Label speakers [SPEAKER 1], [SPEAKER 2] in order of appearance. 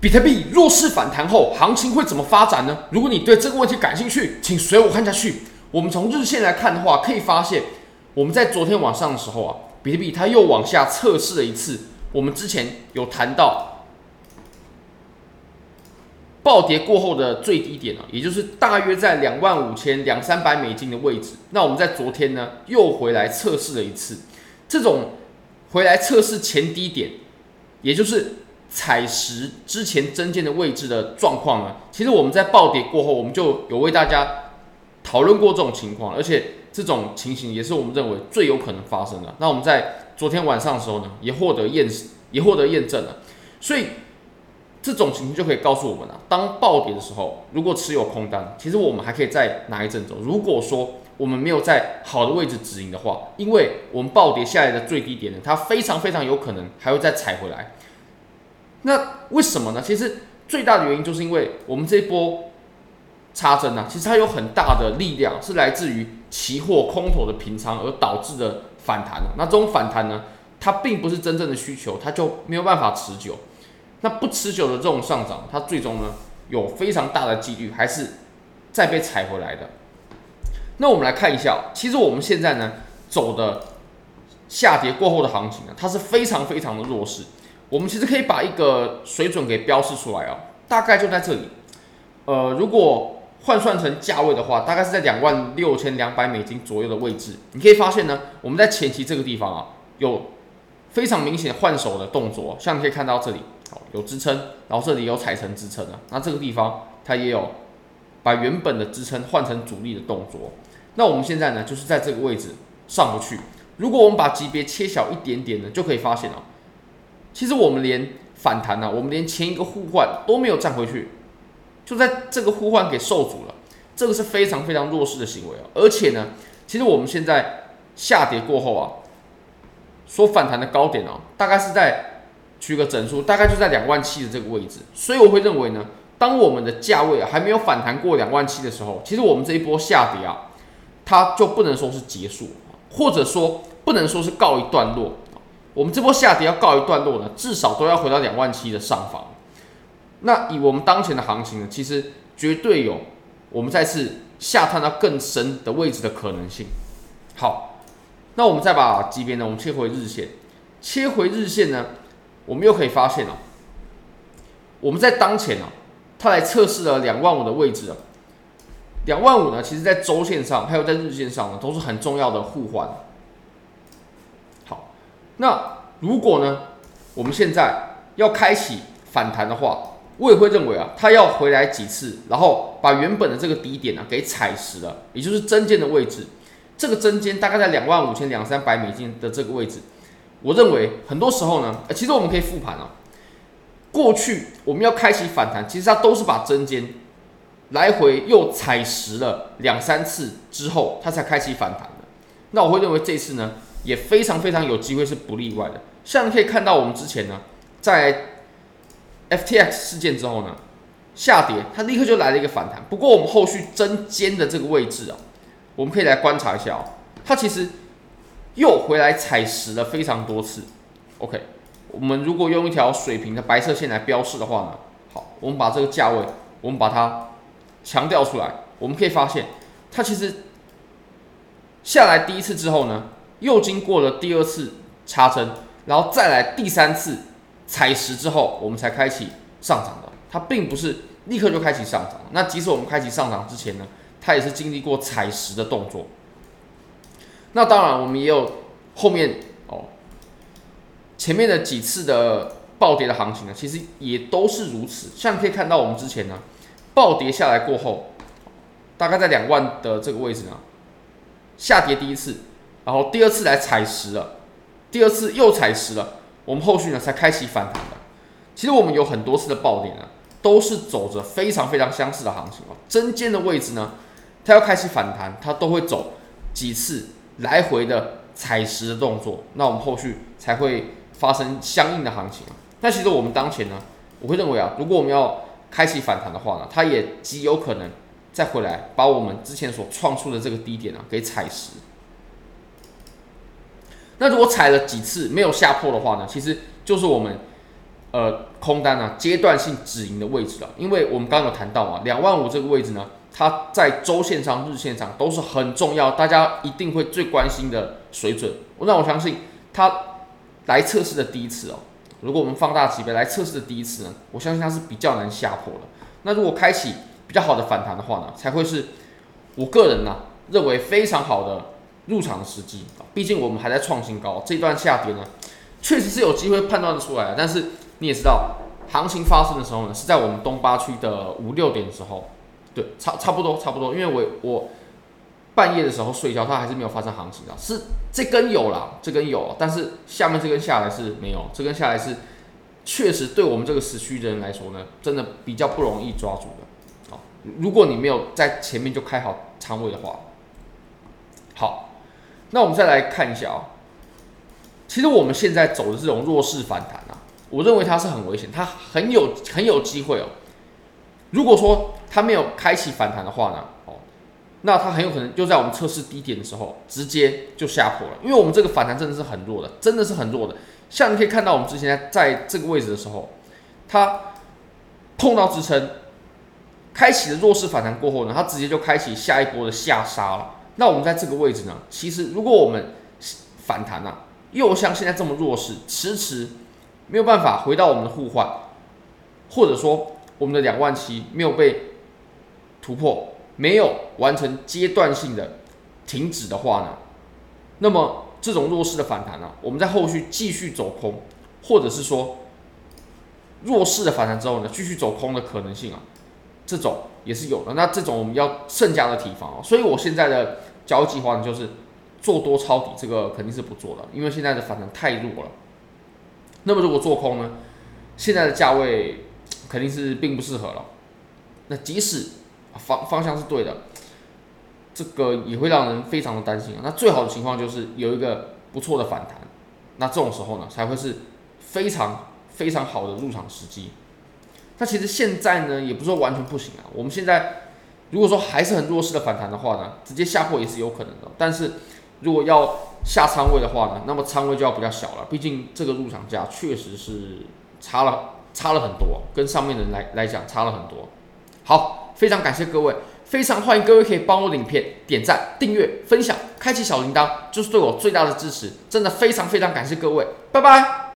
[SPEAKER 1] 比特幣弱勢反彈後，行情會怎麼發展呢？如果你對這個問題感興趣，請隨我看下去。我們從日線來看的話，可以發現，我們在昨天晚上的時候啊，比特幣它又往下測試了一次。我們之前有談到暴跌過後的最低點啊，也就是大約在兩萬五千兩三百美金的位置。那我們在昨天呢，又回來測試了一次，這種回來測試前低點，也就是，踩實之前針尖的位置的狀況呢，其實我們在暴跌過後，我們就有為大家討論過這種情況，而且這種情形也是我們認為最有可能發生的。那我們在昨天晚上的時候呢，也獲得驗證，也獲得驗證了。所以這種情形就可以告訴我們啊，當暴跌的時候，如果持有空單，其實我們還可以再拿一陣走。如果說我們沒有在好的位置止盈的話，因為我們暴跌下來的最低點呢，它非常非常有可能還會再踩回來。那為什麼呢？其實最大的原因就是因為我們這一波插針啊，其實它有很大的力量是來自於期貨空頭的平倉而導致的反彈啊。那這種反彈呢，它並不是真正的需求，它就沒有辦法持久。那不持久的這種上漲，它最終呢，有非常大的幾率還是再被踩回來的。那我們來看一下，其實我們現在呢走的下跌過後的行情啊，它是非常非常的弱勢。我們其實可以把一個水準給標示出來啊、哦，大概就在這裡。呃，如果換算成價位的話，大概是在兩萬六千兩百美金左右的位置。你可以發現呢，我們在前期這個地方啊，有非常明顯換手的動作，像你可以看到這裡，好，有支撐，然後這裡有踩成支撐的、啊，那這個地方它也有把原本的支撐換成阻力的動作。那我們現在呢，就是在這個位置上不去。如果我們把級別切小一點點呢，就可以發現啊。其實我們連反彈呢、啊，我們連前一個互換都沒有站回去，就在這個互換給受阻了，這個是非常非常弱勢的行為啊！而且呢，其實我們現在下跌過後啊，所反彈的高點哦、啊，大概是在取個整數，大概就在兩萬七的這個位置。所以我會認為呢，當我們的價位、啊、還沒有反彈過兩萬七的時候，其實我們這一波下跌啊，它就不能說是結束，或者說不能說是告一段落。我們這波下跌要告一段落呢，至少都要回到兩萬七的上方。那以我們當前的行情呢，其實絕對有我們再次下探到更深的位置的可能性。好，那我們再把級別呢，我們切回日線，切回日線呢，我們又可以發現了、啊，我們在當前呢、啊，它來測試了兩萬五的位置啊，兩萬五呢，其實在週線上還有在日線上呢，都是很重要的互換。那如果呢，我們現在要開啟反彈的話，我也會認為啊，它要回來幾次，然後把原本的這個底點呢、啊、給踩實了，也就是針尖的位置。這個針尖大概在兩萬五千兩三百美金的這個位置。我認為很多時候呢，欸、其實我們可以復盤啊。過去我們要開啟反彈，其實它都是把針尖來回又踩實了兩三次之後，它才開啟反彈的。那我會認為這次呢，也非常非常有機會是不例外的。像你可以看到我們之前呢，在 FTX 事件之後呢，下跌，它立刻就來了一個反彈。不過我們後續針尖的這個位置啊，我們可以來觀察一下哦、啊，它其實又回來踩實了非常多次。OK，我們如果用一條水平的白色線來標示的話呢，好，我們把這個價位，我們把它強調出來，我們可以發現它其實下來第一次之後呢，又經過了第二次插針，然後再來第三次踩實之後，我們才開啟上漲的。它並不是立刻就開始上漲。那即使我們開啟上漲之前呢，它也是經歷過踩實的動作。那當然，我們也有後面哦，前面的幾次的暴跌的行情呢，其實也都是如此。像可以看到我們之前呢，暴跌下來過後，大概在兩萬的這個位置呢，下跌第一次。然後第二次來踩實了，第二次又踩實了，我們後續呢才開啟反彈的。其實我們有很多次的爆點呢啊，都是走着非常非常相似的行情啊。針尖的位置呢，它要開啟反彈，它都會走幾次來回的踩實的動作，那我們後續才會發生相應的行情啊。那其實我們當前呢，我會認為啊，如果我們要開啟反彈的話呢，它也極有可能再回來把我們之前所創出的這個低點啊給踩實。那如果踩了幾次沒有下破的話呢？其實就是我們呃空單啊階段性止盈的位置了。因為我們剛剛有談到啊，兩萬五這個位置呢，它在周線上、日線上都是很重要，大家一定會最關心的水準。那我相信它來測試的第一次哦，如果我們放大級別來測試的第一次呢，我相信它是比較難下破的。那如果開啟比較好的反彈的話呢，才會是我個人呢、啊、認為非常好的入場的時機啊，畢竟我們還在創新高，這一段下跌呢、啊，確實是有機會判斷得出來的。但是你也知道，行情發生的時候呢，是在我們東八區的五六點的時候，對，差差不多差不多。因為我我半夜的時候睡覺，它還是沒有發生行情的，是這根有啦，這根有，但是下面這根下來是沒有，這根下來是確實對我們這個時區的人來說呢，真的比較不容易抓住的啊。如果你沒有在前面就開好倉位的話，好。那我們再來看一下啊、哦，其實我們現在走的這種弱勢反彈啊，我認為它是很危險，它很有很有機會哦。如果說它沒有開啟反彈的話呢，哦，那它很有可能就在我們測試低點的時候直接就下破了，因為我們這個反彈真的是很弱的，真的是很弱的。像你可以看到我們之前在這個位置的時候，它碰到支撐，開啟了弱勢反彈過後呢，它直接就開啟下一波的下殺了。那我們在這個位置呢，其實，如果我們反彈啊，又像現在這麼弱勢，遲遲沒有辦法回到我們的互換，或者說我們的兩萬七沒有被突破，沒有完成階段性的停止的話呢，那麼這種弱勢的反彈呢、啊，我們在後續繼續走空，或者是說弱勢的反彈之後呢，繼續走空的可能性啊，這種也是有的。那這種我們要慎加的提防、啊、所以我現在的。交易計劃呢，就是做多抄底，這個肯定是不做的，因為現在的反彈太弱了。那麼如果做空呢，現在的價位肯定是並不適合了。那即使方方向是對的，這個也會讓人非常的擔心啊。那最好的情況就是有一個不錯的反彈，那這種時候呢，才會是非常非常好的入場時機。那其實現在呢，也不是說完全不行啊，我們現在。如果說還是很弱勢的反彈的話呢，直接下破也是有可能的。但是，如果要下倉位的話呢，那麼倉位就要比較小了。畢竟這個入場價確實是差了差了很多，跟上面的人來來講差了很多。好，非常感謝各位，非常歡迎各位可以幫我影片點讚、訂閱、分享、開啟小鈴鐺，就是對我最大的支持。真的非常非常感謝各位，拜拜。